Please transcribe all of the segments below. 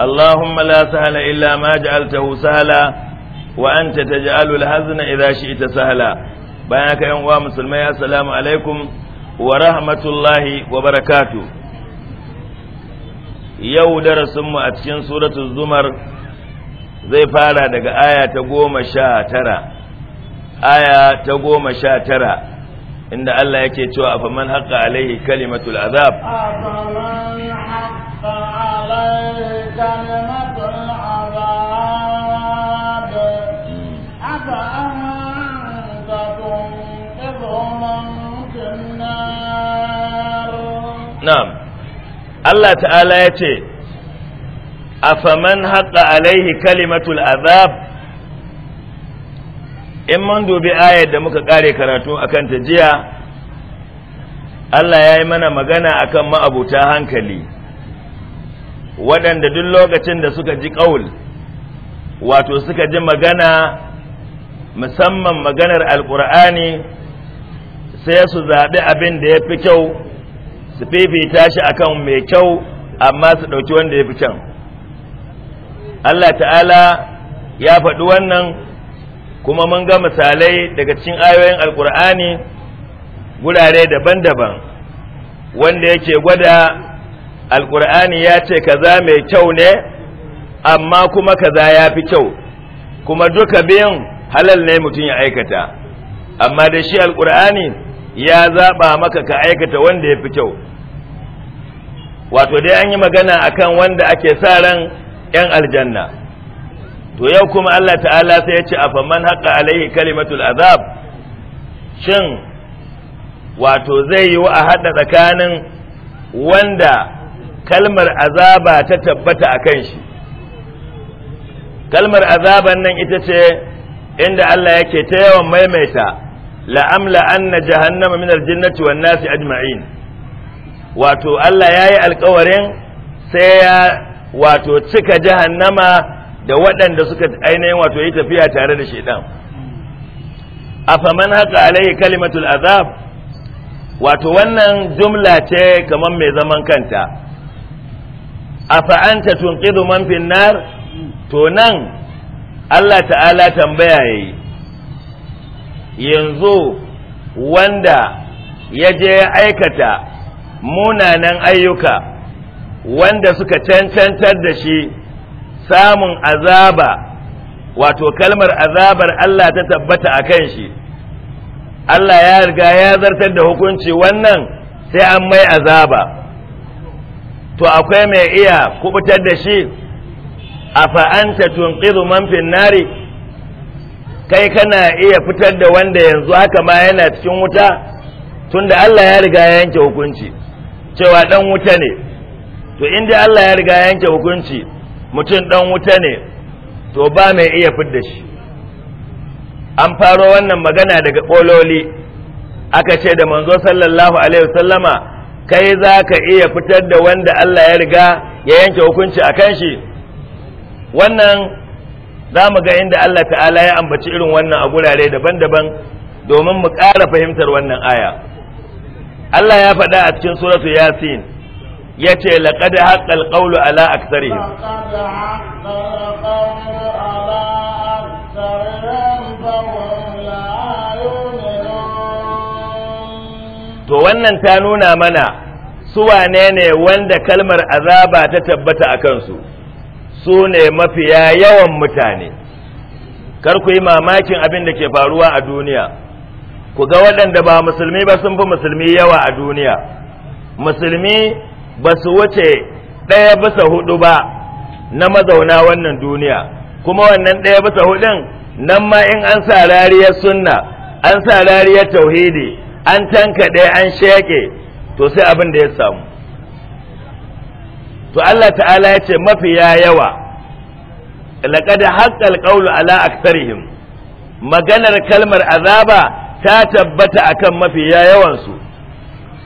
اللهم لا سهل إلا ما جعلته سهلا وأنت تجعل الحزن إذا شئت سهلا بيانك يا مسلمي السلام عليكم ورحمة الله وبركاته yau darasinmu a cikin suratul zumar zai fara daga aya ta goma sha tara aya ta goma sha tara inda Allah yake cewa a faman alaihi kalimatul azab Allah Ta'ala Ya ce, a faman في alaihi نعم الله in mun dubi ayar da muka ƙare karatu akan ta jiya Allah ya yi mana magana akan ma'abuta hankali waɗanda duk lokacin da suka ji ƙaul wato suka ji magana musamman maganar alƙur'ani sai su zaɓi abin da ya fi kyau su fifita shi akan mai kyau amma su ɗauki wanda ya fi can. Allah ta'ala ya faɗi wannan kuma mun ga misalai daga cikin ayoyin alƙur'ani gurare daban-daban wanda yake gwada alkur'ani ya ce kaza mai kyau ne amma kuma kaza ya fi kyau kuma duka biyan halal ne mutum ya aikata amma da shi alkur'ani ya zaba maka ka aikata wanda ya fi kyau wato dai an yi magana akan wanda ake sa ran 'yan aljanna to yau kuma Allah ta'ala sai ya ce a faman haƙa alaihi kalimatul azab shin wato zai yi wa a haɗa tsakanin wanda kalmar azaba ta tabbata a kan shi kalmar azaban nan ita ce inda Allah yake ta yawan maimaita la'amla anna jahannama minar jinnati wan nasi ajma'in wato Allah ya yi alkawarin sai ya wato cika jahannama da waɗanda suka ainihin wato yi tafiya tare da a afaman haka alaihi kalimatul azab wato wannan jumla ce kamar mai zaman kanta afa'anta tunqidu man fin nar to nan Allah ta'ala tambaya yi. yanzu wanda ya je ya aikata munanan ayyuka wanda suka cancantar da shi samun azaba wato kalmar azabar Allah ta tabbata a kan shi Allah ya riga ya zartar da hukunci wannan sai an mai azaba to akwai mai iya kubutar da shi a fa'anta tunƙiru manfin nari kai kana iya fitar da wanda yanzu haka ma yana cikin wuta tunda Allah ya riga ya yanke hukunci cewa ɗan wuta ne to inda Allah ya riga ya yanke hukunci mutum ɗan wuta ne to ba mai iya da shi an faro wannan magana daga ƙololi aka ce da manzo sallallahu alaihi wasallama kai za ka iya fitar da wanda Allah ya riga ya yanke hukunci a kan shi wannan za mu ga inda Allah ta'ala ya ambaci irin wannan a gurare daban-daban domin mu ƙara fahimtar wannan aya Allah ya faɗa a cikin suratu yasin ya ce laƙad haƙƙal ƙaulu ala aksarihim ala to wannan ta nuna mana su wane ne wanda kalmar azaba ta tabbata a kansu su ne mafiya yawan mutane kar ku yi mamakin abin da ke faruwa a duniya ku ga waɗanda ba musulmi ba sun fi musulmi yawa a duniya musulmi ba su wuce ɗaya bisa hudu ba na mazauna wannan duniya kuma wannan ɗaya bisa hudun nan ma in an sa rariyar sunna an sa rariyar tauhidi an tankaɗe an sheƙe to sai abin da ya samu to Allah ta'ala ya ce mafiya yawa laƙad haƙƙal ƙaulu ala aksarihim maganar kalmar azaba ta tabbata akan mafi mafiya yawansu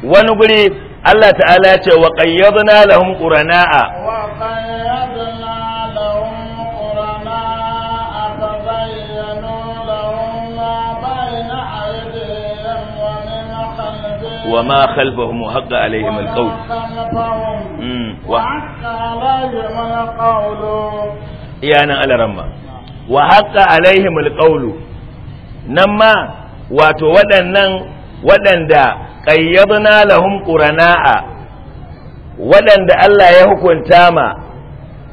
wani guri Allah ta'ala ya ce wa qayyadna lahum qurana'a وما خلفهم وحق عليهم القول وحق عليهم القول يا أنا على رمى وحق عليهم القول نما واتو ودن ودن دا qayyadna lahum qurana'a waɗanda Allah ya hukunta ma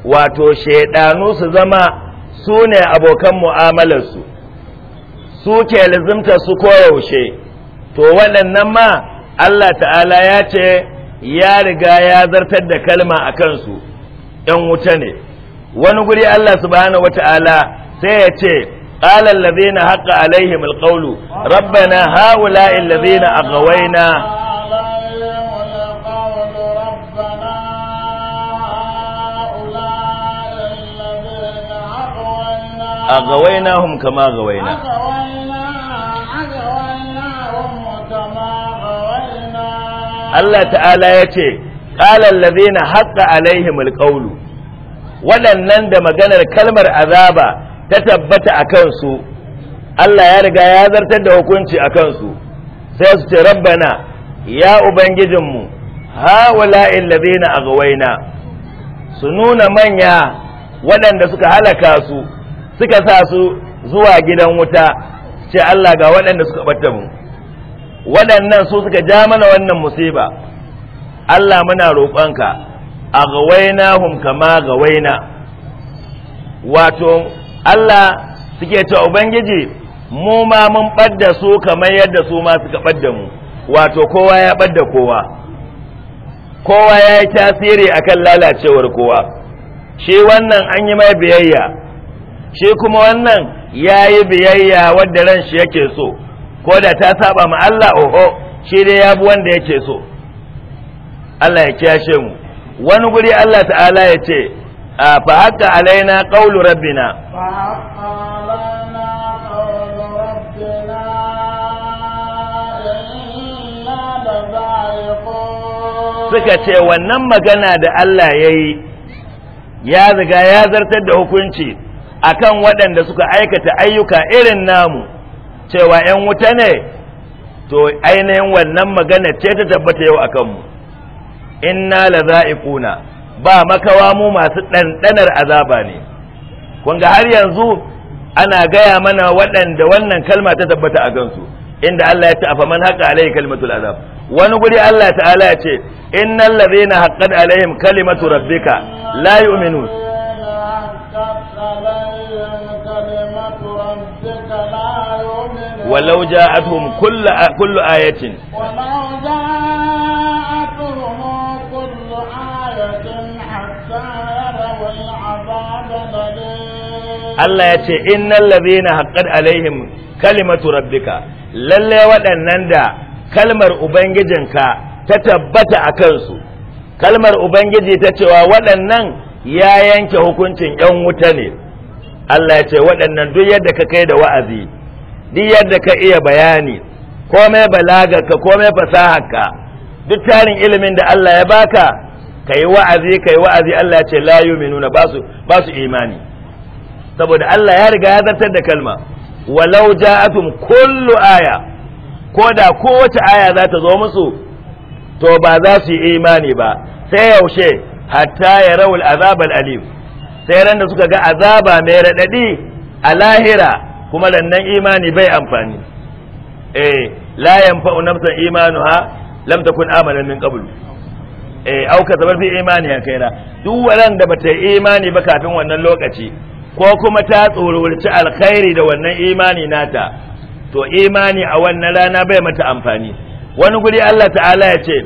wato shaidanu su zama su ne abokan mu'amalarsu su ke lizimta su koyaushe to waɗannan ma Allah ta'ala ya ce ya riga ya zartar da kalma a kansu ‘yan wuta ne wani guri Allah subhanahu wa ta'ala sai ya ce ƙalar lazina haƙa alaihim alƙaulu rabbana haula in lazina a na. a na hum kama na. Allah ta'ala ya ce ƙalar lazina haƙa alaihim lƙaulu, waɗannan da maganar kalmar azaba ta tabbata a kansu Allah ya riga ya zartar da hukunci a kansu sai su ce rabbana ya ubangijinmu hawala'in lazina a gawaina su nuna manya waɗanda suka halaka su suka sa su zuwa gidan wuta ce Allah ga waɗanda suka ɓatta mu waɗannan su suka ja mana wannan musiba Allah muna roƙonka a gawaina hum kama gawaina wato Allah suke cewa ubangiji mu ma mun ɓadda su kamar yadda su ma suka ɓadda mu wato kowa ya ɓadda kowa kowa ya yi tasiri a kan lalacewar kowa shi wannan an yi mai biyayya shi kuma wannan ya yi biyayya wadda ran shi yake so ko ta saba ma Allah oho shi dai ya bi wanda yake so Allah ya kiyashe mu wani guri Allah ta'ala ya ce fa haka alaina qawlu rabbina suka ce wannan magana da Allah ya yi ya riga ya zartar da hukunci akan waɗanda suka aikata ayyuka irin namu cewa ‘yan wuta ne to ainihin wannan magana ce ta tabbata yau a kanmu inna la za'iquna ba makawa mu masu ɗanɗanar azaba ne kun ga har yanzu ana gaya mana waɗanda wannan kalma ta tabbata a gansu inda Allah ya ce man haqa alai kalimatul azab wani guri Allah ta'ala ya ce innal ladhina haqqat alaihim kalimatu rabbika la yu'minun ولو جاءتهم كل كل آية ولو جاءتهم كل آية حتى يروا العذاب Allah ya ce innal ladhina haqqat alaihim kalimatu rabbika lalle waɗannan da kalmar ubangijinka ta tabbata a kansu kalmar ubangiji ta cewa waɗannan ya yanke hukuncin 'yan wuta ne Allah ya ce waɗannan duk yadda ka kai da wa'azi duk yadda ka iya bayani komai balagarka komai ka duk tarin ilimin da Allah ya baka ka yi wa'azi ka yi wa'azi Allah ce la yuminuna ba su ba su imani saboda Allah ya riga ya zartar da kalma walau ja'atum kullu aya ko da kowace aya za ta zo musu to ba za su yi imani ba sai yaushe hatta ya rawul azabal alim sai ran da suka ga azaba mai raɗaɗi a lahira kuma lannan imani bai amfani eh la yanfa'u nafsan imanuha lam takun amalan min qabl eh au ka zabar fi imani ya na. duk waran da bata imani ba kafin wannan lokaci ko kuma ta tsorurci alkhairi da wannan imani nata to imani a wannan rana bai mata amfani wani guri Allah ta'ala ya ce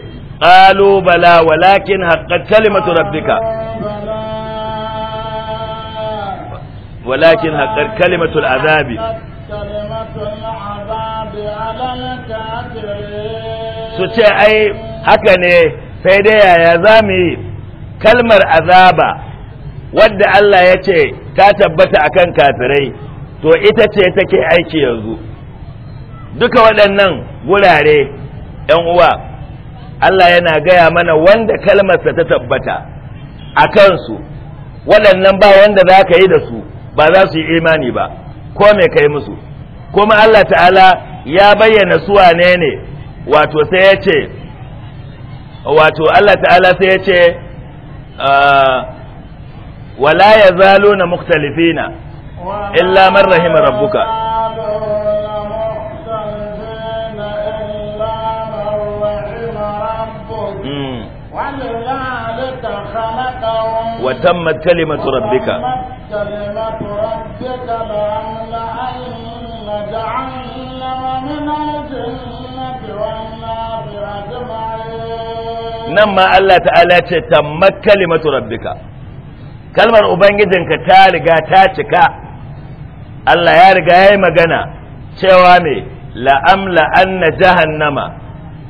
qalu bala walakin haqqat kalimatu rabbika walakin haqqar kalimatul azabi su ce ai haka ne sai dai yaya za mu yi kalmar azaba wadda Allah ya ce ta tabbata akan kafirai to ita ce take aiki yanzu duka waɗannan wurare ‘yan uwa Allah yana gaya mana wanda kalmarsa ta tabbata a kansu waɗannan ba wanda za ka yi da su ba za su yi imani ba ko mai kai musu kuma Allah ta'ala ya bayyana su wane ne wato sai ya ce wato Allah ta'ala sai ya ce ah, wala ya zalo na muktalifina illa man rahima rabbuka وتمت كلمة ربك كلمة ربك لأملأن جهنم من الجنة والنار أجمعين نما الله تعالى تتمت كلمة ربك kalmar ubangijinka ta riga ta cika Allah ya riga ya yi magana cewa me la'amla anna jahannama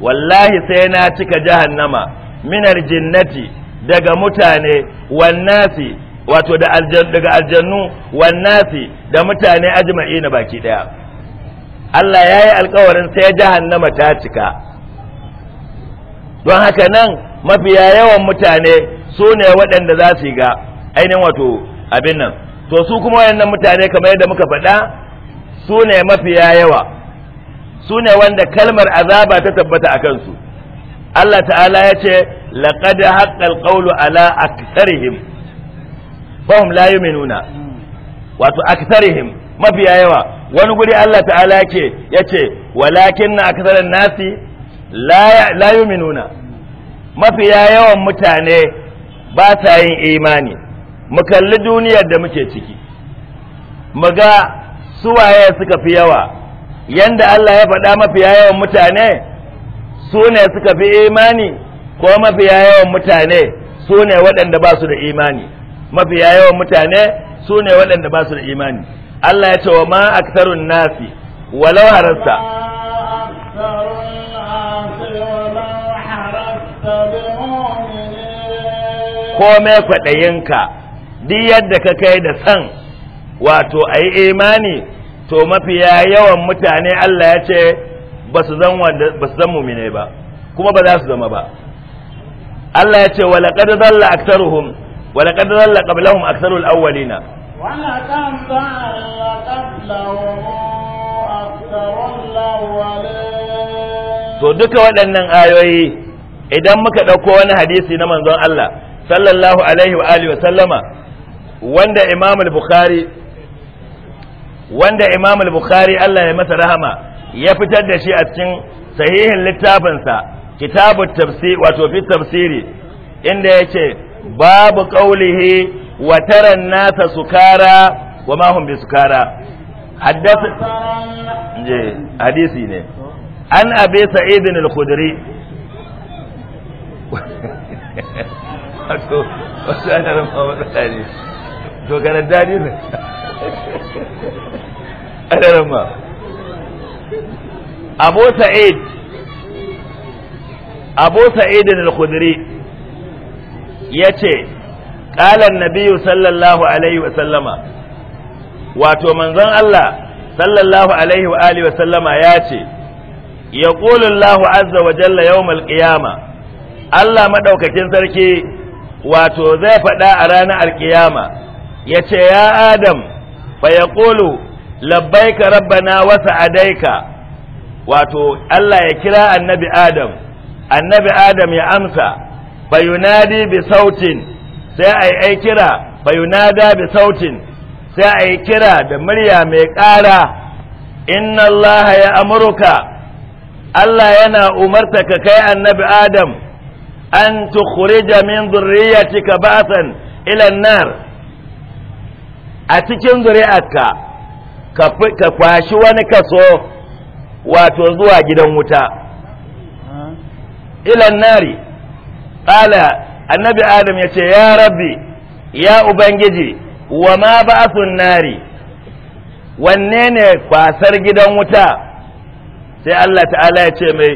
wallahi sai na cika jahannama minar jinnati daga mutane wannasi wato da aljan daga aljannu wan da mutane na baki daya Allah yayi alkawarin sai jahannama ta cika don haka nan mafiya yawan mutane su ne waɗanda za su ga ainihin wato abin nan to su kuma waɗannan mutane kamar yadda muka faɗa su ne mafiya yawa su ne wanda kalmar azaba ta tabbata a kansu Allah ta'ala ya ce laqad haqqal qawlu ala aktharihim layu mai nuna wato aktharihim mafiya yawa wani guri Allah ta'ala yake yace walakin na aktharan nasi layu mai nuna, mafiya yawan mutane ba ta yin imani mu kalli duniyar da muke ciki mu ga suwaye suka fi yawa yanda Allah ya faɗa mafiya yawan mutane su ne suka fi imani ko mafiya yawan mutane su ne waɗanda ba su da imani mafiya yawan mutane su ne waɗanda ba su da imani Allah ya ce wa ma aktarun nasi walau harasta komai kwaɗayinka duk yadda ka kai da san wato a yi imani to mafiya yawan mutane Allah ya ce ba su zan mumine ba kuma ba za su zama ba Allah ya ce wa laƙar zalla aktaruhum ولقد ضل قبلهم أكثر الأولين ولقد ضل قبلهم أكثر الأولين to duka waɗannan ayoyi idan muka ɗauko wani hadisi na manzon Allah sallallahu alaihi wa alihi wa sallama wanda Imam al-Bukhari wanda Imam al-Bukhari Allah ya masa rahama ya fitar da shi a cikin sahihin littafinsa kitabut tafsir wato fi tafsiri inda yake babu qaulihi wa taran an-nasa sukara wa ma hum bisukara haddath je hadisi ne an abi sa'id al-khudri wato wasu ana rufa matsala to ganin dadi ne ana ma abu sa'id abu sa'id al-khudri yace ƙalan an-nabiy sallallahu alaihi wa sallama wato manzon Allah sallallahu alaihi wa alihi wa sallama yace ya Allahu azza wa jalla yawmal qiyama Allah maɗaukakin sarki wato zai faɗa a ranar alkiyama yace ya adam fa ƙulu, labbaika rabbana wa sa'adaika wato Allah ya kira annabi adam annabi adam ya amsa bayunadi bi sautin sai a yi kira bayunada bi sautin sai a kira da murya mai ƙara inna Allah ya amurka Allah yana umarta ka kai annabi Adam an tukhrija min dhurriyyatika ba'san ila an-nar a cikin zuri'arka ka kwashi wani kaso wato zuwa gidan wuta ila nari Ƙala annabi adam yace ya rabbi ya ubangiji wa ma sun nari wanne ne kwasar gidan wuta sai Allah ta'ala ya ce mai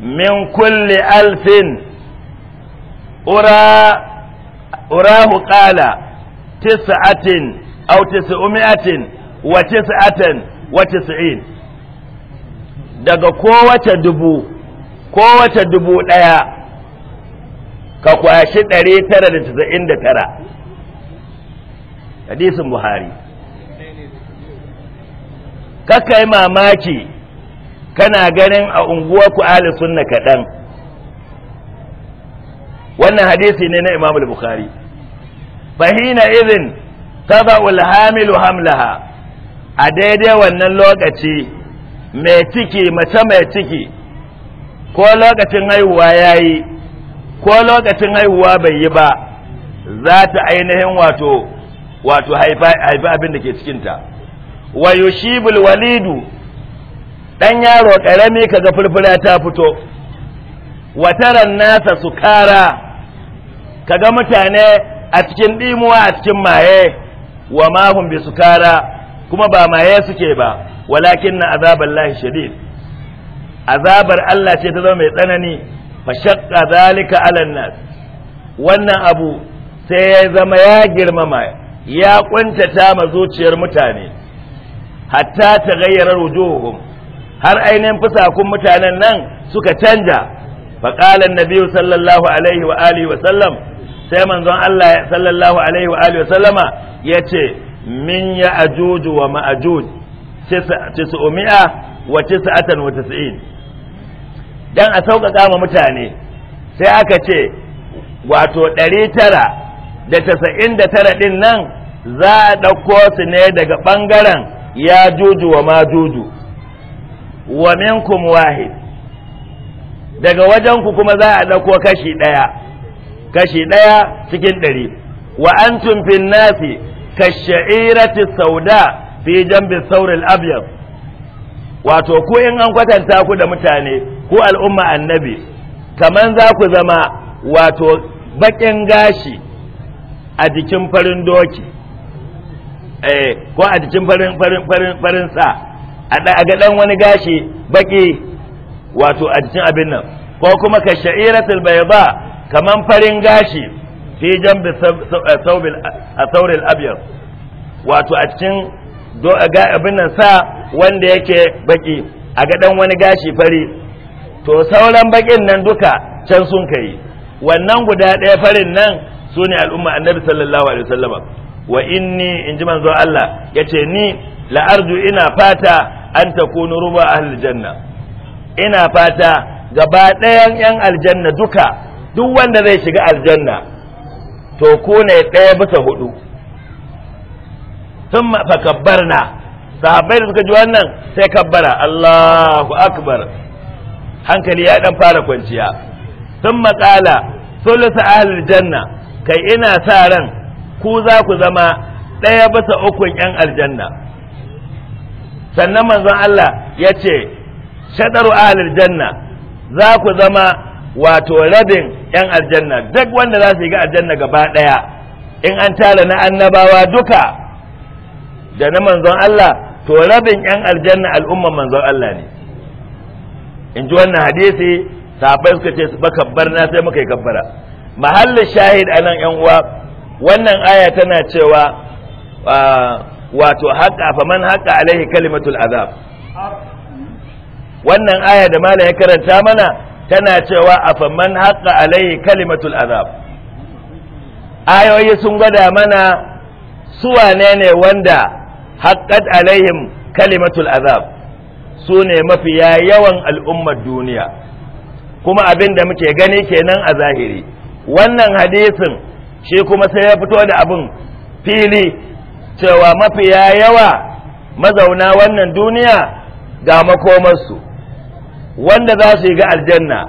min kulle alfin ura urahu qala tis'atin aw tis'umi'atin wa tis'atan su in daga kowace dubu kowace dubu ɗaya. ka kwashi 999 hadisin buhari kaka yi mamaki kana ganin a unguwarku ahli sunna kaɗan wannan hadisi ne na imamul buhari fahina izin taba ulhamilu hamlaha a daidai wannan lokaci mai ciki mace mai ciki ko lokacin haihuwa ya yi ko lokacin haihuwa bai yi ba za ta ainihin wato wato haifi abin da ke cikinta wa yushibul walidu ɗan yaro ƙarami kaga furfura ta fito wataran nasa sukara kaga mutane a cikin ɗimuwa a cikin maye wa mahun bi su kuma ba maye suke ba walakin na azabar lahi shadid azabar Allah ce ta zama mai tsanani fashaqqa zalika ala nas wannan abu sai ya zama ya girmama ya kuntata ma zuciyar mutane hatta ta gayyara wujuhum har ainihin fusakun mutanen nan suka canja faqala annabi sallallahu alaihi wa alihi wa sallam sai manzon Allah sallallahu alaihi wa alihi wa sallama yace min ya ajuju wa ma'ajuj 990 wa 99 dan a sauƙaƙa ma mutane sai aka ce wato ɗari tara da da tara ɗin nan za a ɗauko su ne daga ɓangaren ya juju wa ma juju wa minkum wahid daga wajenku kuma za a ɗauko kashi ɗaya kashi ɗaya cikin ɗari wa an tumfin nasi kasha'irati sauda fi jambin saurin abyad wato ku in an kwatanta ku da mutane ku al'umma annabi kaman za ku zama wato baƙin gashi a jikin farin doki eh ko a jikin farin farin farin farin sa a ga dan wani gashi baki wato a jikin abin nan ko kuma ka sha'iratul bayda kaman farin gashi fi jambi saubil eh, asauril abyad wato a cikin abin nan sa wanda yake baki a ga dan wani gashi fari to sauran bakin nan duka can sun kai wannan guda ɗaya farin nan su ne al'umma annabi sallallahu alaihi wasallama wa inni in ji manzo Allah ya ce ni la'arju ina fata an ta kunu ruba ahli janna ina fata gaba ɗayan yan aljanna duka duk wanda zai shiga aljanna to ku ne ɗaya bisa hudu sun fakabbarna sahabbai da suka ji wannan sai kabbara Allahu akbar hankali ya dan fara kwanciya sun matsala sulusa ahlul janna kai ina sa ran ku za ku zama ɗaya bisa ukun yan aljanna sannan manzon Allah ya ce shadaru ahlul janna za ku zama wato rabin yan aljanna duk wanda za su yi ga aljanna gaba ɗaya in an tara na annabawa duka da na manzon Allah to rabin yan aljanna al'umman manzon Allah ne in ji wannan hadisi sahabbai suka ce ba na sai muka yi kabbara mahallin shahid a nan yan uwa wannan aya tana cewa wato haƙa faman haƙa alaihi kalimatul azab wannan aya da malam ya karanta mana tana cewa afaman haƙa alaihi kalimatul azab ayoyi sun gwada mana suwa ne ne wanda haƙƙat alaihim kalimatul azab su ne mafiya yawan al'ummar duniya kuma abin da muke gani kenan a zahiri wannan hadisin shi kuma sai ya fito da abin fili cewa mafiya yawa mazauna wannan duniya ga makomarsu wanda za su yi ga aljanna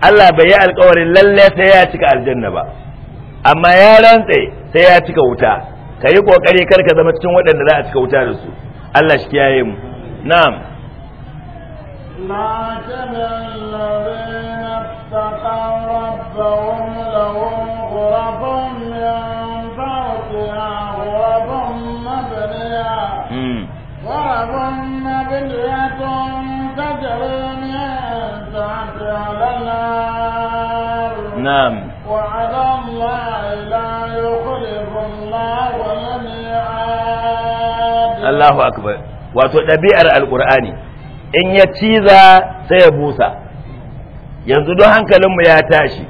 Allah bai yi alkawarin lalle sai ya cika aljanna ba amma ya rantse sai ya cika wuta ka yi kokari kar ka zama cikin waɗanda za a cika wuta da su Allah shi kiyaye mu na'am مثل الذين اتقوا ربهم لهم غرف من فوقها غرف مبنية غرف مبنية تجري من تحتها الأنهار نعم وعلى الله لا يخلف الله الميعاد الله أكبر wato ɗabi'ar alƙur'ani in ya ciza sai ya busa yanzu don hankalinmu ya tashi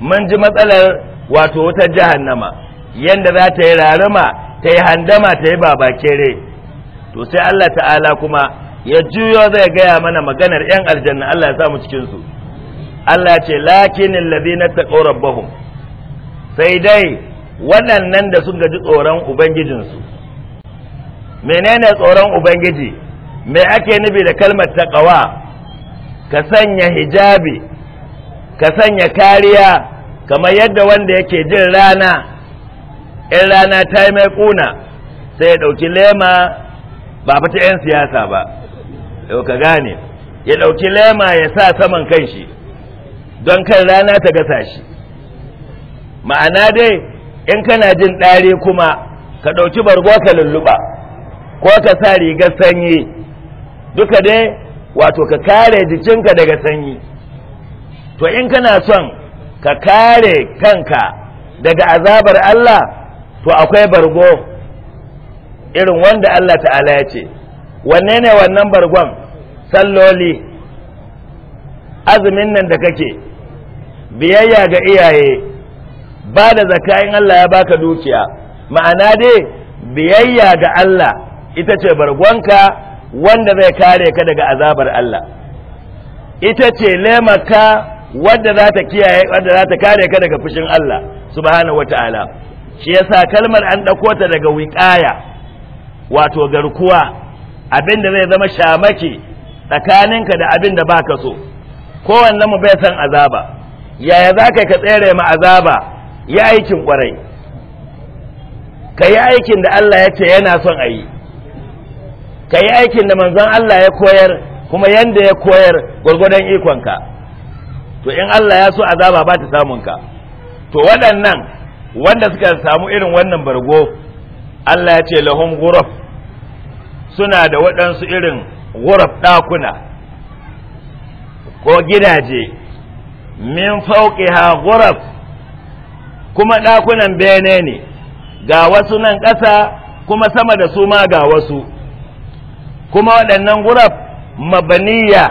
mun ji matsalar wato wutar jahannama yadda za ta yi rarama ta yi handama ta yi babakere to sai Allah ta'ala kuma ya juyo zai gaya mana maganar 'yan aljanna Allah ya samu cikinsu Allah ce lakinin lazina ta rabbahum sai dai waɗannan da sun gaji tsoron ubangijinsu menene tsoron ubangiji me ake nufi da kalmar ƙawa ka sanya hijabi ka sanya kariya kamar yadda wanda yake jin rana in rana ta yi mai kuna sai ya ɗauki lema ba fita 'yan siyasa ba yau ka gane ya ɗauki lema ya sa saman kanshi don kan rana ta gasa shi ma'ana dai in kana jin ɗari kuma ka ɗauki bargo ka lulluɓa ko ka sa rigar sanyi duka dai wato ka kare jikinka daga sanyi to in kana son ka kare kanka daga azabar Allah to akwai bargo irin wanda Allah ta'ala ya ce wanne ne wannan bargon salloli azumin nan da kake biyayya ga iyaye ba da zakayin Allah ya baka dukiya ma'ana dai biyayya ga Allah ita ce bargonka wanda zai kare ka daga azabar Allah ita ce lemaka wadda za ta kiyaye wadda za ta kare ka daga fushin Allah subhanahu wataala shi yasa kalmar an dauko ta daga wiqaya wato garkuwa abinda zai zama shamaki tsakaninka da abinda baka so kowanne mu bai san azaba yaya za ka ka tsere mu azaba Yi aikin kwarai ka yi aikin da Allah ya ce yana son a yi ka yi aikin da manzon Allah ya koyar kuma yanda ya koyar gwargwadon ikonka to in Allah ya so azaba ba ta samun to waɗannan wanda suka samu irin wannan bargo Allah ya ce lahum ghuraf suna da waɗansu irin ghuraf ɗakuna ko gidaje min fauqiha ghuraf kuma ɗakunan bene ne ga wasu nan ƙasa kuma sama da su ma ga wasu kuma waɗannan guraf mabaniya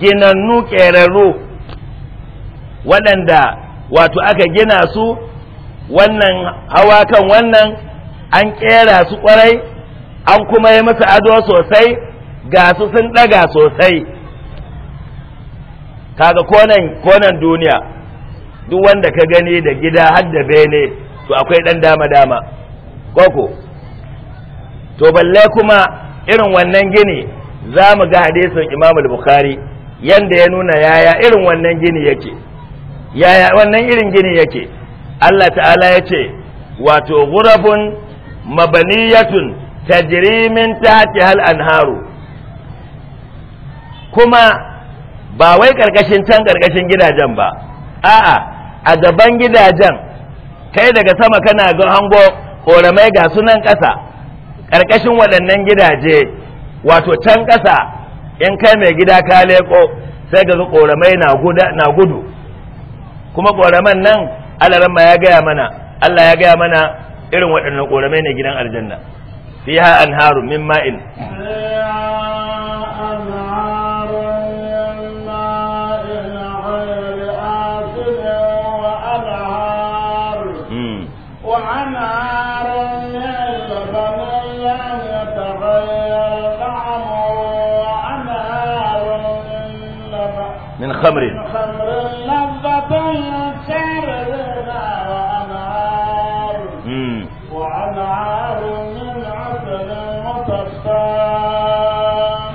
ginannu ƙerarru waɗanda wato aka gina su wannan hawa kan wannan an ƙera su ƙwarai an kuma yi masa ado sosai ga su sun ɗaga sosai kaga konan konan duniya duk wanda ka gani da gida har bene to akwai ɗan dama-dama koko to balle kuma irin wannan gini za mu ga hadisin imam bukhari yanda ya nuna yaya irin wannan gini yake yaya wannan irin gini yake Allah ta'ala ya ce wato gurafun mabaniyatun tajrimin tahti hal anharu kuma ba wai karkashin can karkashin gidajen ba a'a a gaban gidajen kai daga sama kana ga hango koramai ga sunan ƙasa ƙarƙashin waɗannan gidaje wato can ƙasa in kai mai gida ka leƙo sai ga ƙoramai na gudu kuma ƙoraman nan alaran ya gaya mana Allah ya gaya mana irin waɗannan ƙoramai ne gidan aljanna an haru min ma'in خمر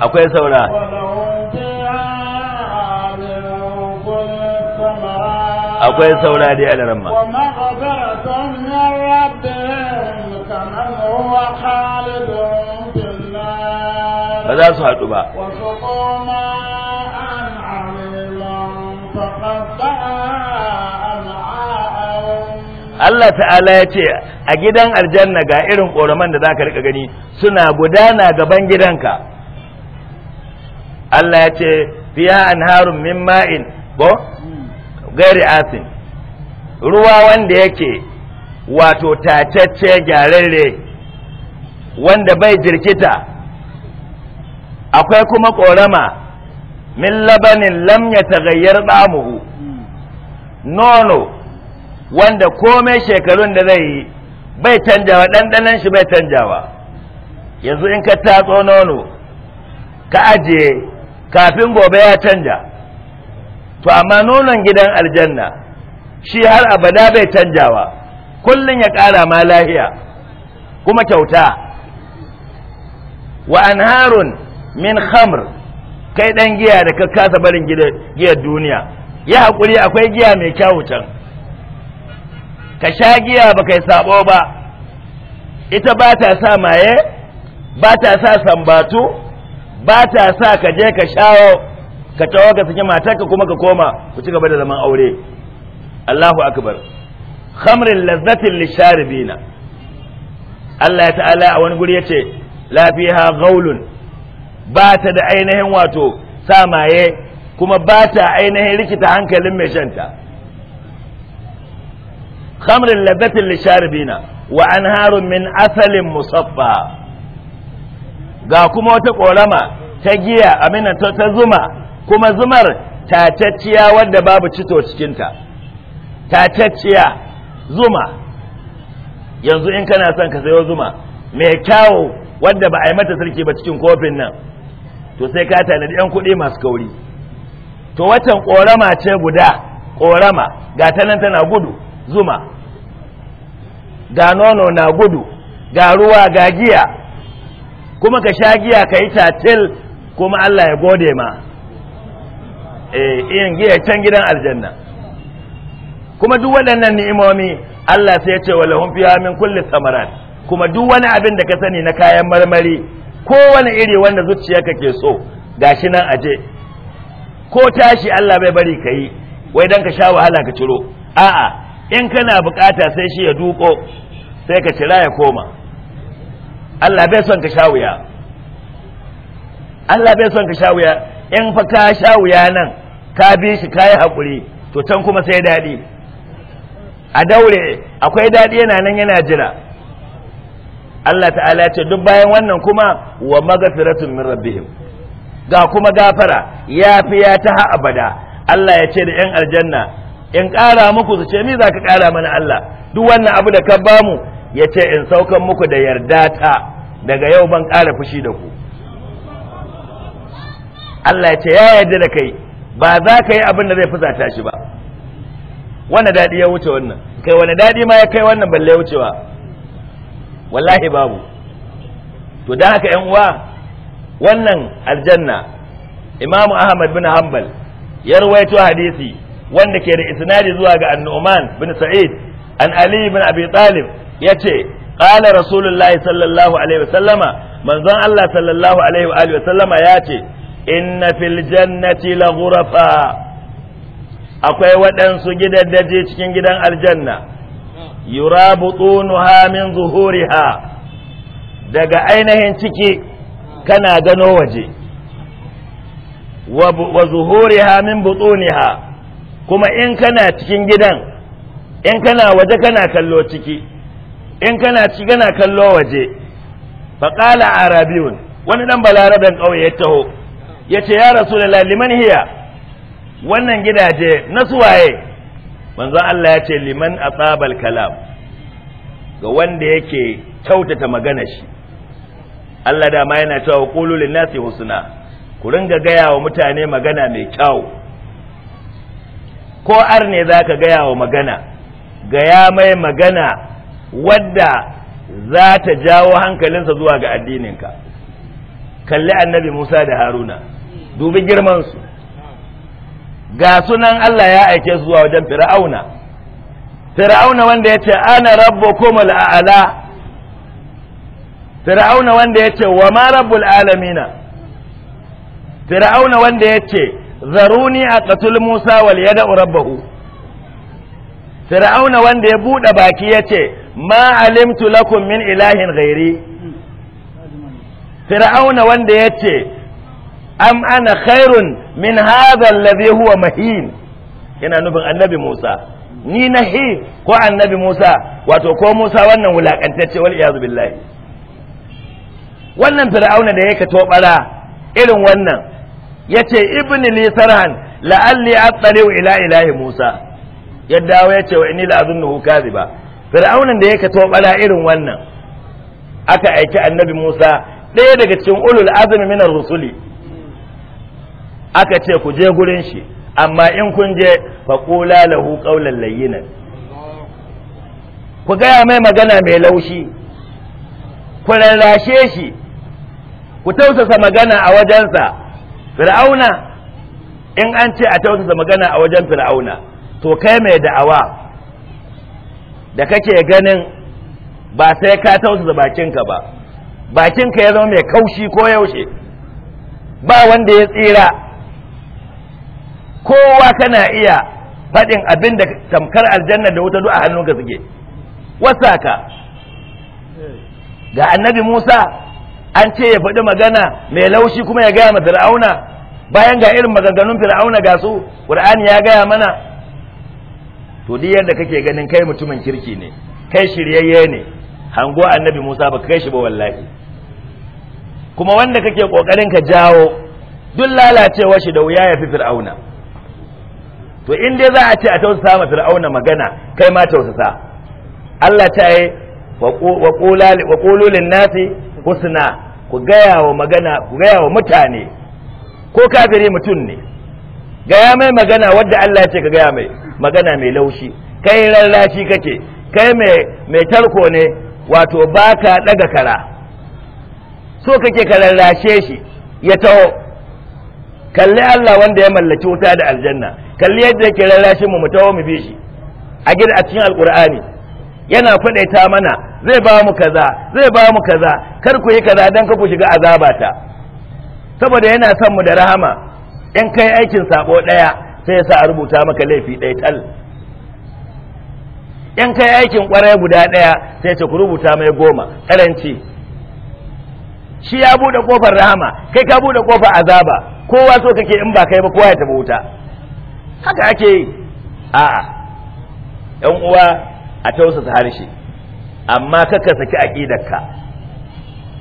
Akwai saura. akwai saura dai a ramma ba za su haɗu ba Allah ta'ala ya ce a gidan aljanna ga irin ƙoraman da za ka rika gani suna gudana gaban gidanka Allah ya ce fiya harun min ma'in ko gari asin ruwa wanda yake wato tatacce gyararre wanda bai jirkita akwai kuma ƙorama min labanin lam ya tagayyar ɗamuhu nono wanda komai shekarun da zai yi bai canjawa ɗanɗanon shi bai canjawa yanzu in ka tatso nono ka ajiye kafin gobe ya canja to amma nonon gidan aljanna shi har abada bai canjawa kullum ya ƙara ma lahiya kuma kyauta wa Harun min khamr kai ɗan giya da ka kasa barin giyar duniya ya haƙuri akwai giya mai kyawu can ka sha giya ba kai sabo ba ita ba ta sa maye ba ta sa sambatu ba ta sa ka je ka shawo ka tawo ka saki matarka kuma ka koma ku ci gaba da zaman aure Allahu akbar khamrin lazzatin lisharibina Allah ta'ala a wani guri yace la fiha gaulun ba ta da ainihin wato sa maye kuma ba ta ainihin rikita hankalin mai shanta خمر لذة للشاربين وأنهار من أثل مصفى ga kuma wata ƙorama ta giya amina ta zuma kuma zumar tatacciya wadda babu cito cikinta tatacciya zuma yanzu in kana son ka sayo zuma mai kyawo wadda ba a yi mata sarki ba cikin kofin nan to sai ka tanadi 'yan kuɗi masu kauri to watan ƙorama ce guda ƙorama ga ta nan tana gudu zuma ga nono na gudu ga ruwa ga giya kuma ka sha giya ka yi tatil kuma Allah ya gode ma eh, iyan giya can gidan aljanna kuma duk waɗannan ni'imomi Allah sai ya ce wa lahum fiha min kulli thamarat kuma duk wani abin da ka sani na kayan marmari kowane iri wanda zuciyarka ke so gashi nan aje ko tashi Allah bai bari ka yi wai dan ka sha wahala ka ciro a'a in kana bukata sai shi ya duko sai ka cira ya koma Allah bai son ka sha Allah bai son ka shawuya in fa ka sha nan ka bi shi ka hakuri to can kuma sai daɗi a daure akwai daɗi yana nan yana jira Allah ta'ala ce duk bayan wannan kuma wa magfiratun min rabbihim ga kuma gafara ya fi ya ta abada Allah ya ce da 'yan aljanna in ƙara muku su ce mi za ka ƙara mana Allah duk wannan abu da ka ba mu ya ce in saukan muku da yarda ta daga yau ban ƙara fushi da ku Allah ya ce ya yarda da kai ba za ka yi abin da zai fusata shi ba wani daɗi ya wuce wannan kai wani daɗi ma ya kai wannan balle wucewa wallahi babu to da haka yan uwa wannan aljanna imamu ahmad bin hanbal ya ruwaito hadisi wanda ke da isnadi zuwa ga annu'man bin sa'id an ali bin abi talib yace qala rasulullahi sallallahu alaihi wasallama manzon Allah sallallahu alaihi wa wasallama yace inna fil jannati la ghurafa akwai waɗansu gidaddaje cikin gidan aljanna yurabutunuha min zuhuriha daga ainihin ciki kana gano waje wa zuhuriha min butuniha kuma in kana cikin gidan in kana waje kana kallo ciki in kana ci kana kallo waje faƙala arabiyun wani ɗan balaraben ƙauye ya taho ya ce ya rasu da liman hiya wannan gidaje na suwaye manzon Allah ya ce liman asabal kalam ga wanda yake kyautata magana shi Allah dama yana cewa qulu lin nasi husna ku ringa gaya wa mutane magana mai kyau ko ar ne za ka gaya wa magana gaya mai magana wadda za ta jawo hankalinsa zuwa ga addininka kalli annabi musa da haruna dubi girmansu ga sunan allah ya aike su zuwa wajen fir'auna fir'auna wanda ya ce ana rabbo koma la'ala fir'auna wanda ya ce wa ma rabbul alamina fir'auna wanda ya ce zaruni a ƙatul Musa wal yada rabbahu Fir'auna wanda ya buɗe baki ya ce ma alimtu lakum min ilahin gairi. Fir'auna wanda ya ce am ana khairun min hadha alladhi huwa mahin yana nufin annabi Musa ni nahi ko annabi Musa wato ko Musa wannan wulaƙantacce wal iyazu billahi wannan fir'auna da yake tobara irin wannan yace ibni li sarhan la'alli attali ila ilahi Musa ya dawo yace wa inni la'azunnuhu kadhiba fir'aunan da yake bala irin wannan aka aiki annabi Musa ɗaya daga cikin ulul azmi min rusuli aka ce ku je gurin shi amma in kun je fa qula lahu qawlan layyinan ku gaya mai magana mai laushi ku rarrashe shi ku tausasa magana a wajensa fir'auna in an ce a tausasa magana a wajen fir'auna to kai mai da'awa da kake ganin ba sai ka tausasa bakinka ba bakinka ya zama mai kaushi ko yaushe ba wanda ya tsira kowa kana iya faɗin abin da tamkar aljanna da wuta duka a hannunka suke wasaka ga annabi musa an ce ya faɗi magana mai laushi kuma ya gaya ma fir'auna bayan ga irin maganganun fir'auna ga su qur'ani ya gaya mana to duk yadda kake ganin kai mutumin kirki ne kai shiryayye ne hango annabi Musa ba kai shi ba wallahi kuma wanda kake kokarin ka jawo duk lalacewa shi da wuya ya fi fir'auna to in dai za a ce a tausasa ma fir'auna magana kai ma tausasa Allah ta yi wa qulu lin nasi husna ku gaya wa magana ku gaya wa mutane ko kafiri mutum ne gaya mai magana wadda Allah ce ka gaya mai magana mai laushi kai rarrashi kake kai mai tarko ne wato baka daga kara so kake ka rarrashe shi ya taho kalli Allah wanda ya mallaki wuta da aljanna kalli yadda yake rarrashin mu mu taho mu bi shi a gida a cikin alkur'ani yana faɗaita mana zai ba mu kaza zai ba mu kaza kar ku yi kaza don ku shiga azabata saboda yana son mu da rahama in kai aikin sabo ɗaya sai ya sa a rubuta maka laifi ɗaya tal in kai aikin ƙwarai guda ɗaya sai ce ku rubuta mai goma karanci shi ya buɗe ƙofar rahama kai ka buɗe kofar azaba kowa so kake in ba kai ba kowa ya taɓa wuta haka ake yi a'a yan uwa a tausasa harshe amma kaka saki aqidarka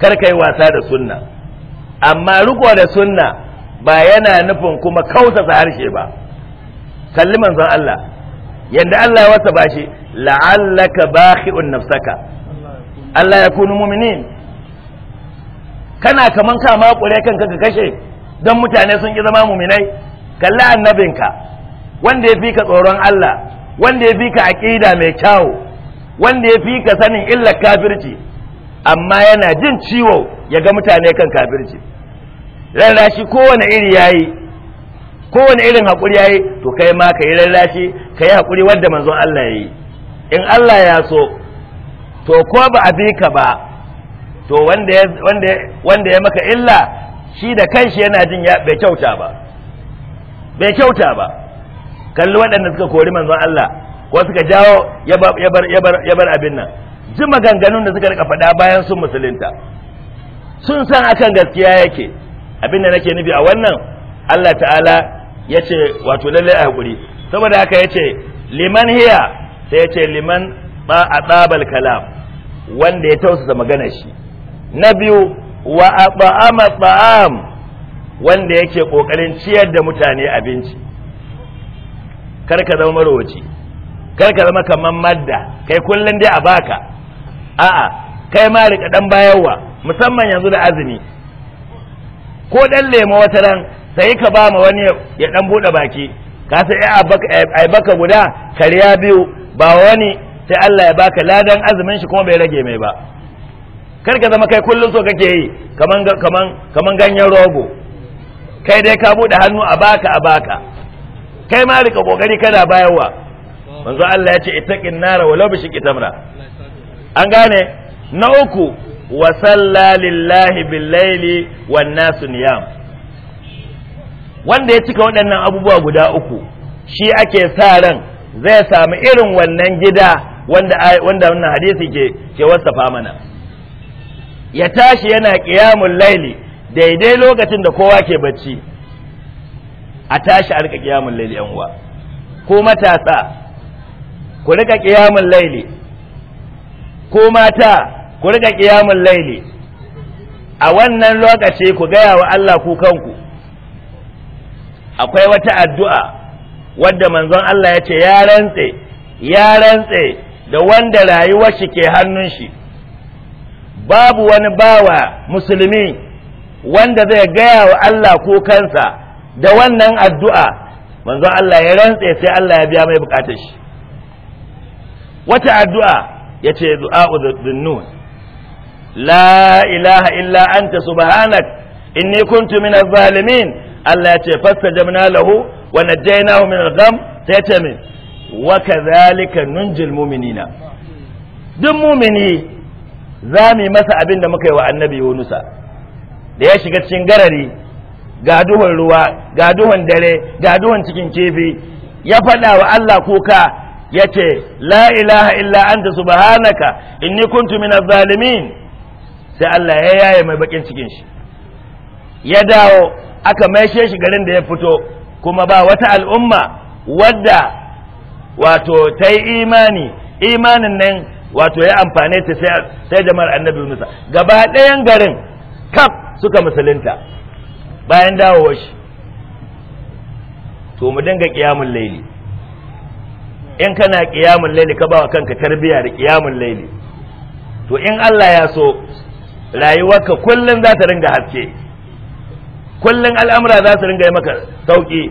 kar kayi wasa da sunna amma riko da sunna ba yana nufin kuma kausasa harshe ba kalli manzon Allah yanda Allah ya wasa bashi la'allaka bakhi'un nafsaka Allah ya kunu mu'minin kana kaman ka makure kanka ka kashe don mutane sun ki zama mu'minai kalli annabinka wanda ya fi ka tsoron Allah wanda ya fi ka aƙida mai kyawo wanda ya fi ka sanin illar kafirci amma yana jin ciwo ya ga mutane kan kafirci rarrashi kowane iri yayi kowane irin haƙuri yayi to kai ma ka yi rarrashi ka yi haƙuri wadda manzon Allah ya yi in Allah ya so to ko ba a bi ka ba to wanda ya maka illa shi da kanshi yana jin ya bai kyauta ba bai kyauta ba kalli waɗanda suka kori manzon Allah ko suka jawo ya bar abin nan ji maganganun da suka rika faɗa bayan sun musulunta sun san akan gaskiya yake abin da nake nufi a wannan Allah ta'ala ya ce wato lalle a hakuri saboda haka ya ce liman hiya sai ya ce liman ba a tsabal kalam wanda ya tausasa magana shi na biyu wa a ba'ama ba'am wanda yake kokarin ciyar da mutane abinci kar ka zama marowaci kar ka zama kamar madda kai kullum dai a baka a'a kai ma rika dan bayarwa musamman yanzu da azumi ko dan lemo wata ran sai ka ba ma wani ya dan bude baki ka sai eh, eh, ai baka guda kariya biyu ba wani sai Allah ya baka ladan azumin shi kuma bai rage mai ba kar ka zama kai kullum so kake yi kaman kaman kaman ganyen rogo kai dai ka bude hannu a baka a baka kai ma rika kokari kana bayarwa manzo Allah ya ce ittaqin nara walau bi shiqqi tamra an gane na uku wa salla lillahi bil laili wan nasu niyam wanda ya cika waɗannan abubuwa guda uku shi ake sa ran zai samu irin wannan gida wanda wanda wannan hadisi ke ke wasafa mana ya tashi yana qiyamul laili daidai lokacin da kowa ke bacci a tashi a rika kiyamun laili yan uwa ko matasa ku rika kiyamun laili ko mata ku rika kiyamun laili a wannan lokaci ku gaya wa Allah ku kanku akwai wata addu'a wadda manzon Allah ya ce ya rantse ya rantse da wanda rayuwar shi ke hannun shi babu wani bawa musulmi wanda zai gaya wa Allah ko kansa da wannan addu'a manzo Allah ya rantse sai Allah ya biya mai bukatar shi wata addu'a yace du'a'u nun la ilaha illa anta subhanak inni kuntu min zalimin Allah yace jamna lahu wa najaynahu min al-gham sai min wa kadhalika nunjil mu'minina duk mu'mini zamu masa abin da muka yi wa annabi Yunusa da ya shiga cikin garari ga duhun ruwa ga duhun dare ga duhun cikin kifi ya faɗa wa Allah kuka yace ce la ilaha illa anta subhanaka inni kuntu minaz zalimin sai Allah ya yaye mai bakin cikin shi ya dawo aka maishe shi garin da ya fito kuma ba wata al'umma wadda wato ta yi imani imanin nan wato ya amfane ta sai jama'ar annabi Musa gaba ɗayan garin kaf suka musulunta bayan dawowar shi to mu dinga kiyamun laili in kana kiyamun laili ka ba wa kanka tarbiya da kiyamun laili to in Allah ya so rayuwarka kullum za ta ringa haske kullum al'amura za su ringa yi maka sauki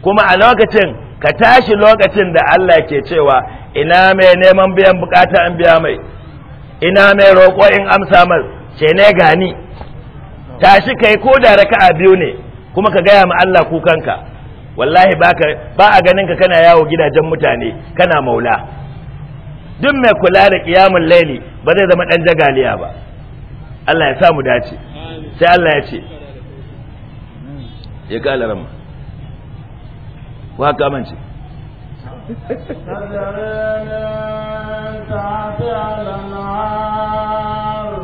kuma a lokacin ka tashi lokacin da Allah ke cewa ina mai neman biyan bukata an biya mai ina mai roƙo in amsa mai ce ne gani tashi kai ko da raka'a biyu ne kuma ka gaya ma Allah kukanka wallahi baka ba a ganin ka kana yawo gidajen mutane kana maula duk mai kula da kiyamul laili ba zai zama dan jagaliya ba Allah ya samu dace sai Allah ya ce ya kala ramma ko haka amince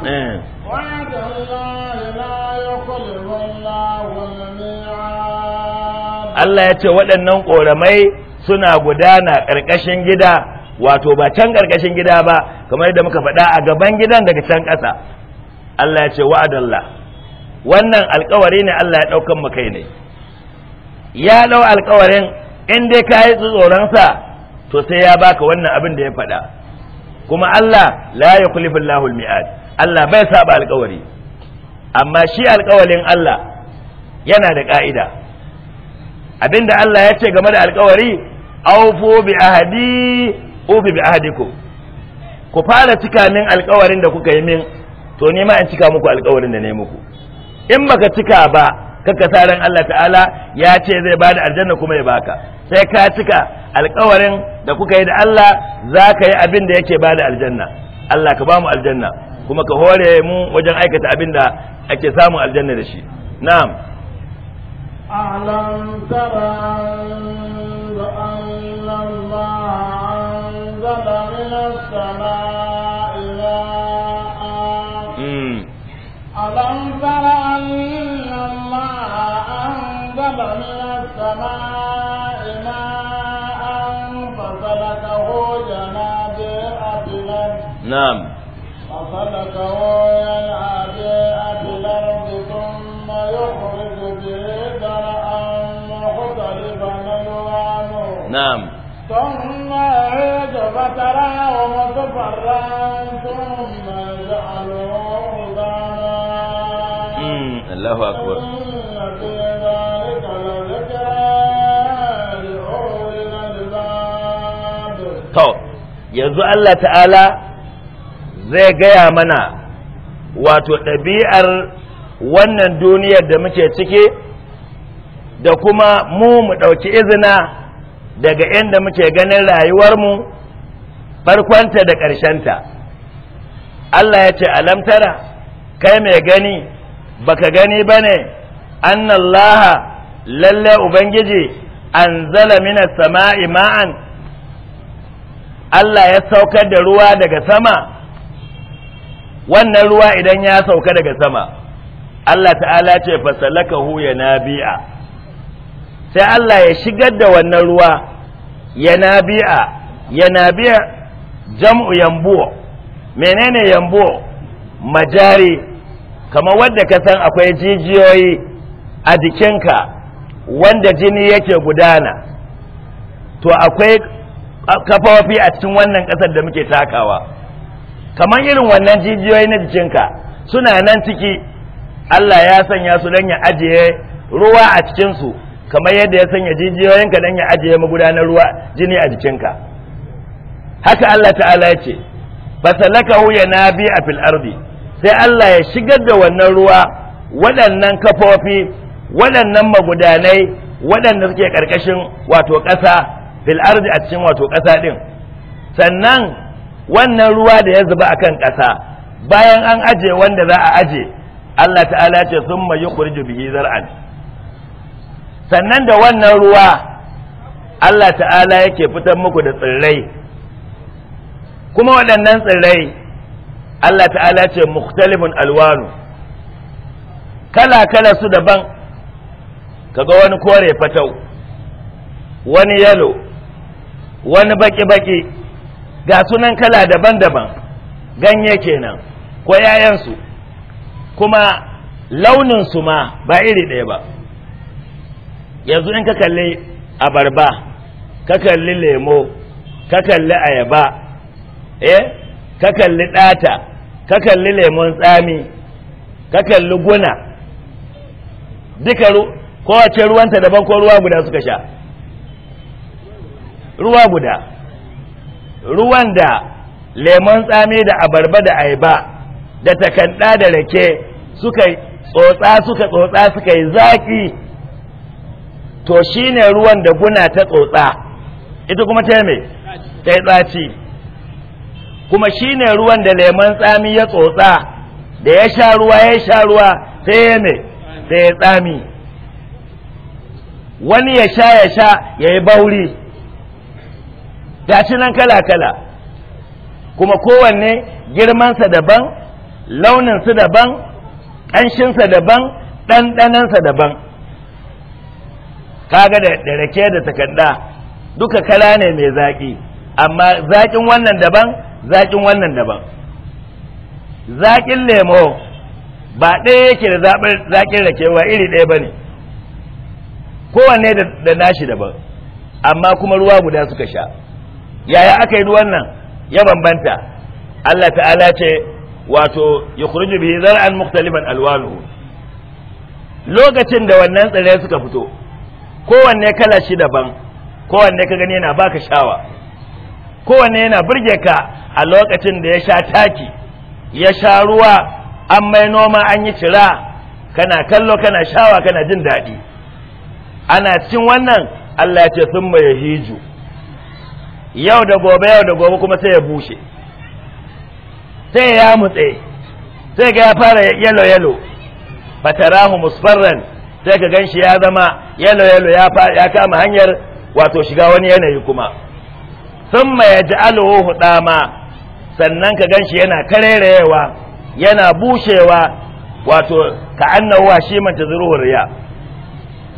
Yeah. وعد الله لا يخلف الله الميعاد الله يتي waɗannan ƙoramai suna gudana ƙarƙashin gida wato ba can ƙarƙashin gida ba kamar yadda muka faɗa a gaban gidan daga can ƙasa Allah ya ce wa'adallah wannan alƙawari ne Allah ya ɗaukan mu kai ne ya ɗau alƙawarin in dai ka yi tsoronsa to sai ya baka wannan abin da ya faɗa kuma Allah la ya kulifin lahul miad Allah bai saba alkawari amma shi alƙawarin Allah yana da ka'ida abinda Allah ya ce game da alƙawari aufu bi ahadi ufi bi ahadiku ku fara cika min alkawarin da kuka yi min to ni ma in cika muku alkawarin da ne muku in baka cika ba kaka sa ran Allah ta'ala ya ce zai bada aljanna kuma ya baka sai ka cika alkawarin da kuka yi da Allah za ka yi abin da yake bada aljanna Allah ka ba mu aljanna kuma ka hore mu wajen aikata abin da ake samun aljanna da shi na'am أعلم تر أن الله أنزل من السماء ماء ألم أن أنزل من السماء ماء فسلكه جنابيع في نعم فسلكه جنابيع في الأرض ثم يخرج به درعا مختلفا ألوانه نعم ثم يعيد فتراه مصفرا ثم يجعله غلاما الله أكبر to yanzu Allah ta'ala zai gaya mana wato ɗabi'ar wannan duniyar da muke ciki da kuma mu mu ɗauki izina daga inda muke ganin rayuwarmu farkonta da ƙarshenta Allah ya ce alamtara kai mai gani baka gani ba ne annallaha lalle ubangiji an zala minas sama'i ma'an Allah ya saukar da ruwa daga sama wannan ruwa idan ya sauka daga sama Allah ta'ala ce fasalakahu ya nabi'a sai Allah ya shigar da wannan ruwa ya nabi'a ya nabi'a jam'u yambu menene yambu majari kamar wadda ka san akwai jijiyoyi a jikinka wanda jini yake gudana to akwai kafofi a cikin wannan ƙasar da muke takawa kamar irin wannan jijiyoyi na jikinka suna nan ciki Allah ya sanya su don ya ajiye ruwa a cikinsu kamar yadda ya sanya jijiyoyinka don ya ajiye magudanar ruwa jini a jikinka haka Allah ta'ala ya ce fasalakahu na nabi a fil sai Allah ya shigar da wannan ruwa waɗannan kafofi waɗannan magudanai waɗanda suke ƙarƙashin wato ƙasa fil ardi a cikin wato ƙasa ɗin sannan wannan ruwa da ya zuba akan ƙasa bayan an aje wanda za a aje Allah ta'ala ce summa yukhriju bihi zar'an sannan da wannan ruwa Allah ta'ala yake fitar muku da tsirrai kuma waɗannan tsirrai Allah ta'ala ce mukhtalifun alwanu kala kala su daban kaga wani kore fatau wani yalo wani baki-baki ga sunan kala daban-daban ganye kenan ko yayansu kuma launinsu ma ba iri ɗaya ba yanzu in ka kalli abarba ka kalli lemo ka kalli ayaba eh ka kalli ɗata ka kalli lemon tsami ka kalli guna duka kowace ruwanta daban ko ruwa guda suka sha ruwa guda ruwan da lemon tsami da abarba da aiba da takanda da rake suka tsotsa suka tsotsa suka yi zaki to shine ruwan da guna ta tsotsa ita kuma ta me ta yi tsaci kuma shine ruwan da lemon tsami ya tsotsa da ya sha ruwa ya sha ruwa sai ya me sai ya tsami wani ya sha ya sha ya yi bauri gashi nan kala-kala kuma kowanne girmansa daban launinsa daban ƙanshinsa daban ɗanɗanansa daban kaga da rake da takarda duka kala ne mai zaƙi amma zaƙin wannan daban zaƙin wannan daban zaƙin lemo ba ɗaya yake da zaƙin rakewa iri ɗaya ba ne kowanne da nashi daban amma kuma ruwa guda suka sha yaya aka yi wannan ya bambanta Allah ta'ala ce wato yukhruju bihi zar'an mukhtalifan alwanu lokacin da wannan tsirrai suka fito kowanne kala shi daban kowanne ka gani yana baka shawa kowanne yana burge ka a lokacin da ya sha taki ya sha ruwa an mai noma an yi cira kana kallo kana shawa kana jin daɗi ana cikin wannan Allah ya ce sun mai hiju yau da gobe yau da gobe kuma sai ya bushe sai ya mutse sai ga ya fara yalo yalo fatarahu musfarran sai ka ganshi ya zama yalo yalo ya kama hanyar wato shiga wani yanayi kuma thumma yaj'aluhu hudama sannan ka ganshi yana karerewa yana bushewa wato ka annawa shi manta zuruhur riya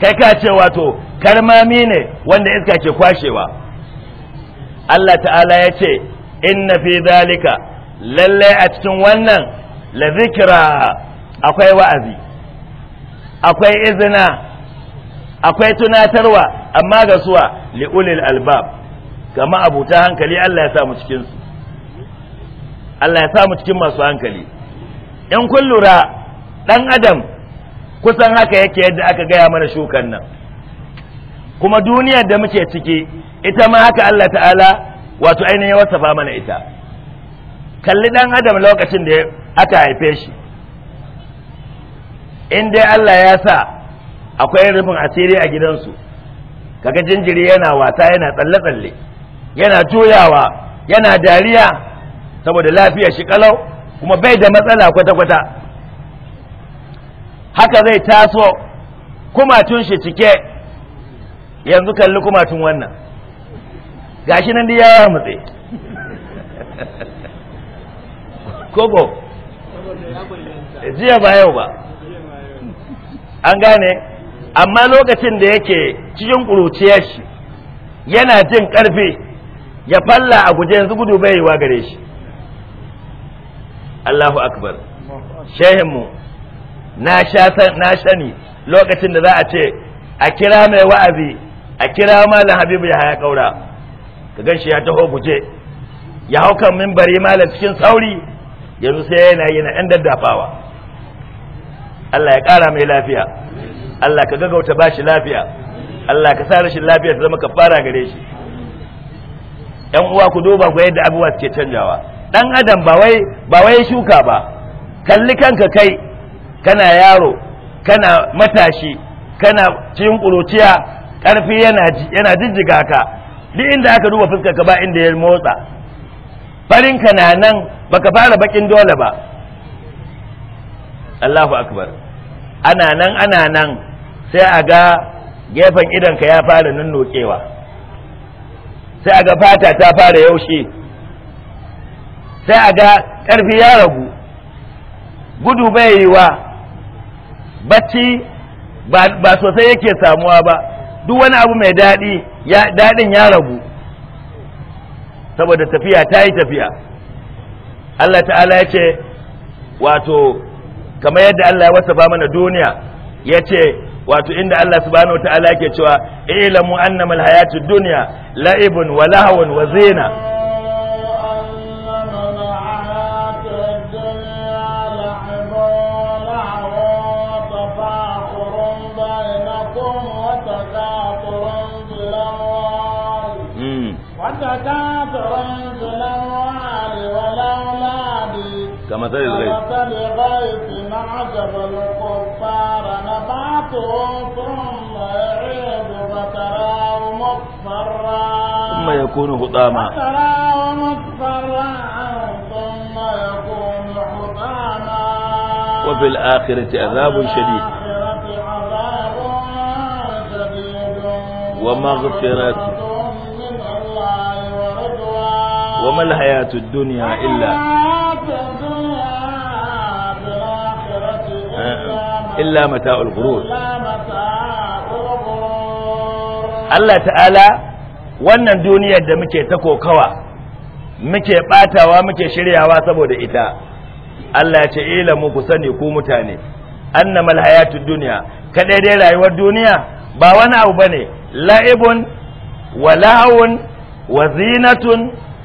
kai ka ce wato karmami ne wanda iska ke kwashewa Allah ta'ala ya ce inna fi zalika lalle a cikin wannan la zikira akwai wa'azi akwai izina akwai tunatarwa amma ga suwa ulil albab kama ta hankali Allah ya mu cikin su Allah ya sa mu cikin masu hankali in kun lura dan adam kusan haka yake yadda aka gaya mana shukan nan kuma duniyar da muke ciki ita ma haka Allah ta'ala wato ainihin wasafa mana ita kalli dan adam lokacin da aka haife shi in dai Allah ya sa akwai rufin asiri a gidansu kaga jinjiri yana wasa, yana tsalle-tsalle yana juyawa yana dariya saboda lafiyar shi kalau kuma bai da matsala kwata-kwata haka zai taso kumatun shi cike yanzu kalli kumatun wannan gashi nan ya yawa mutse koko jiya ba yau ba an gane amma lokacin da yake cikin ƙuruciyar shi yana jin ƙarfi ya falla a guje yanzu gudu bai yi gare shi Allahu akbar shehinmu na shani lokacin da za a ce a kira mai wa'azi a kira malam habibu ya haya ƙaura ka gan shi ya taho guje ya hau kan mimbari malam cikin sauri yanzu sai yana yana ɗan daddafawa Allah ya kara mai lafiya Allah ka gagauta ba shi lafiya Allah ka sa rashin lafiya ta zama ka fara gare shi ‘yan uwa ku duba ku yadda abubuwa suke canjawa ɗan adam ba wai ba wai shuka ba kalli kanka kai kana yaro kana matashi kana cikin ƙuruciya ƙarfi yana jijjiga ka duk inda aka duba fuskar ka ba inda ya motsa farin ka na nan baka fara bakin dole ba Allahu akbar ana nan ana nan sai a ga gefen idan ka ya fara nan noƙewa sai a ga fata ta fara yaushe sai a ga ƙarfi ya ragu gudu bai yi wa bacci ba sosai yake samuwa ba duk wani abu mai daɗi ya daɗin ya ragu saboda tafiya ta yi tafiya Allah ta'ala ya ce wato kamar yadda Allah ya wasa ba mana duniya ya ce wato inda Allah subhanahu wa ta'ala ke cewa ilamu annamal hayatu dunya la'ibun wa lahawun wa zina كمثل إيه؟ الغيث كمثل الغيث أعجب الكفار نبعته ثم يعيد فتراه مصفرا ثم يكون هطاما فتراه مصفرا ثم يكون هطاما وفي الآخرة عذاب شديد ومغفرة من الله وما الحياة الدنيا إلا illa Allah ta'ala wannan duniyar da muke ta kokawa muke batawa muke shiryawa saboda ita Allah ce ila mu ku sani ku mutane annamal hayatud dunya kadai dai rayuwar duniya ba wani abu bane la'ibun wa lahawun wa zinatun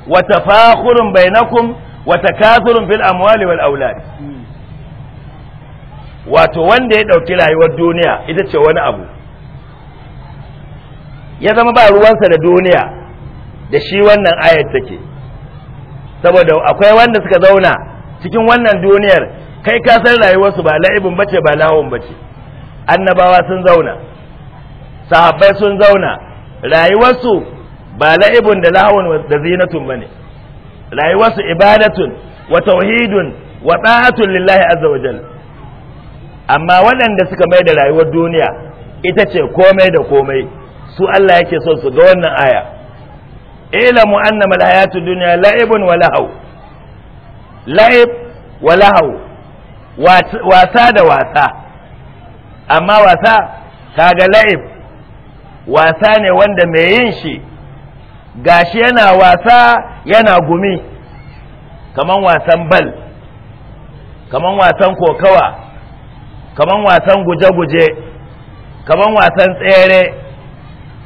wa tafakhurun bainakum wa takathurun fil amwali wal aulad wato wanda ya ɗauki rayuwar duniya ita ce wani abu ya zama ba ruwansa da duniya da shi wannan ayat take saboda akwai wanda suka zauna cikin wannan duniyar kai ka san rayuwarsu ba la'ibin bace ba lawon bace annabawa sun zauna sahabbai sun zauna rayuwarsu ba la'ibin da lawon da zinatun bane rayuwarsu ibadatun wa tauhidun wa ta'atun lillahi azza wa amma waɗanda suka mai da rayuwar duniya ita ce komai da komai su Allah yake so su ga wannan aya ilamu annama alhayatu dunya la'ibun wa lahaw la'ib wa lahaw wasa da wasa amma wasa kaga la'ib wasa ne wanda mai yin shi gashi yana wasa yana gumi kaman wasan bal kaman wasan kokawa kaman wasan guje-guje kaman wasan tsere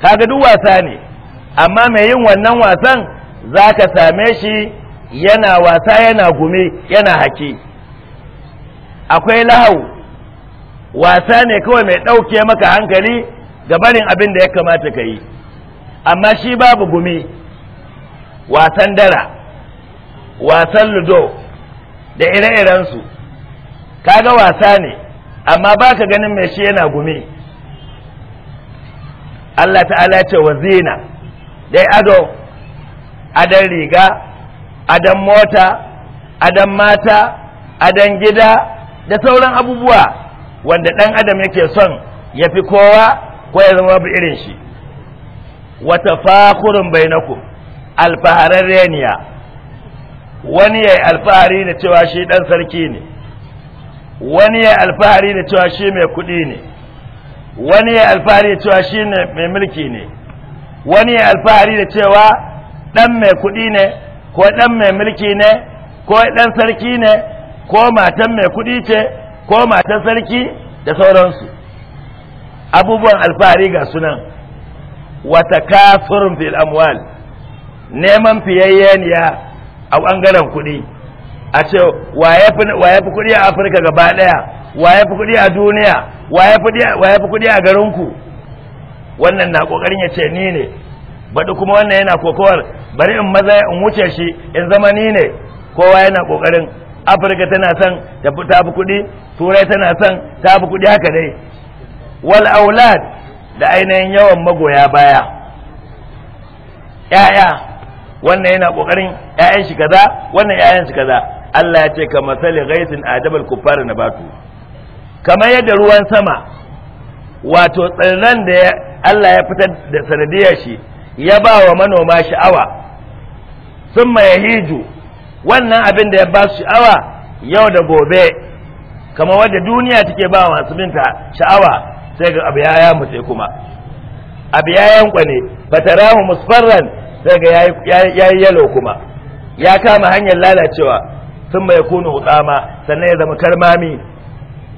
kaga duk wasa ne amma mai yin wannan wasan za ka same shi yana wasa yana gumi yana haki akwai lahau wasa ne kawai mai ɗauke maka hankali ga barin abin da ya kamata ka yi amma shi babu gumi wasan dara wasan ludo da ire-irensu kaga wasa ne amma ba ka ganin mai shi yana gumi Allah ta'ala ce wa zina dai ado adan riga adan mota adan mata adan gida da sauran abubuwa wanda dan adam yake son ya fi kowa ko ya zama irin shi wata fakurin bainakum alfahararreniya wani ya yi alfahari da cewa shi dan sarki ne wani ya alfahari da cewa shi mai kuɗi ne wani ya alfahari da cewa shi mai mulki ne wani ya alfahari da cewa ɗan mai kuɗi ne ko ɗan mai mulki ne ko ɗan sarki ne ko matan mai kuɗi ce ko matan sarki da sauransu abubuwan alfahari ga sunan wata kafirin fil amwal neman ya a ɓangaren kuɗi a ce wa ya fi kuɗi a afirka gaba ɗaya wa ya fi kuɗi a duniya wa ya fi kuɗi a garinku wannan na ƙoƙarin ya ce ni ne baɗi kuma wannan yana kokowar bari in maza in wuce shi in zama ni ne kowa yana ƙoƙarin afirka tana son ta fi kuɗi turai tana son ta fi kuɗi haka dai wal aulad da ainihin yawan magoya baya ‘ya'ya wannan yana ƙoƙarin ‘ya'yan shi kaza wannan ‘ya'yan shi kaza Allah ya ce ka masali ghaisin adabal kuffar nabatu kamar yadda ruwan sama wato tsirran da Allah ya fitar da sanadiyar shi ya ba wa manoma sha'awa sun ya hiju wannan abin da ya ba su sha'awa yau da gobe kamar wadda duniya take ba masu binta sha'awa sai ga abu ya mutu kuma abu ya yankwa ne fatarahu musfarran sai ga yayi yalo kuma ya kama hanyar lalacewa sun mai kunu hutsama sannan ya zama karmami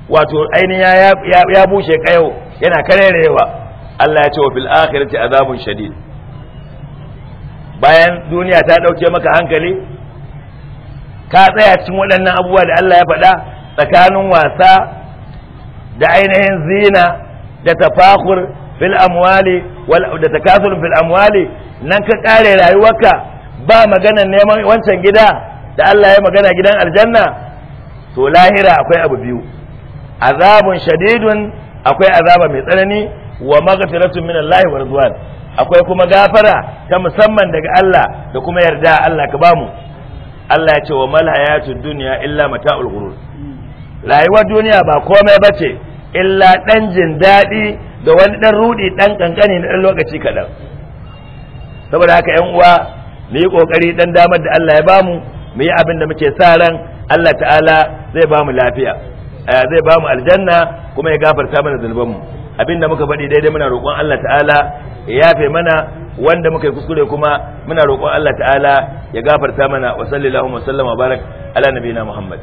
wato ainihin ya bushe kayo yana karerewa Allah ya ce wa fil azabun shadid bayan duniya ta dauke maka hankali ka tsaya cikin waɗannan abubuwa da Allah ya faɗa tsakanin wasa da ainihin zina da tafakur fil da takasur fil nan ka kare rayuwarka ba maganan neman wancan gida da Allah ya magana gidan aljanna to lahira akwai abu biyu azabun shadidun akwai azaba mai tsanani wa maghfiratun min Allah wa rizwan akwai kuma gafara ta musamman daga Allah da kuma yarda Allah ka bamu Allah ya ce wa mal hayatud dunya illa mata'ul ghurur rayuwar duniya ba komai bace illa dan jin daɗi da wani dan rudi dan kankani na dan lokaci kaɗan saboda haka yan uwa ni kokari dan damar da Allah ya bamu mu yi abin da muke sa ran Allah ta'ala zai ba mu lafiya eh, zai ba mu aljanna kuma ya gafarta mana zunubanmu abin da muka faɗi daidai muna roƙon Allah ta'ala ya yafe mana wanda muka yi kuskure kuma muna roƙon Allah ta'ala ya gafarta mana wa sallallahu wa sallama barak ala nabiyina Muhammad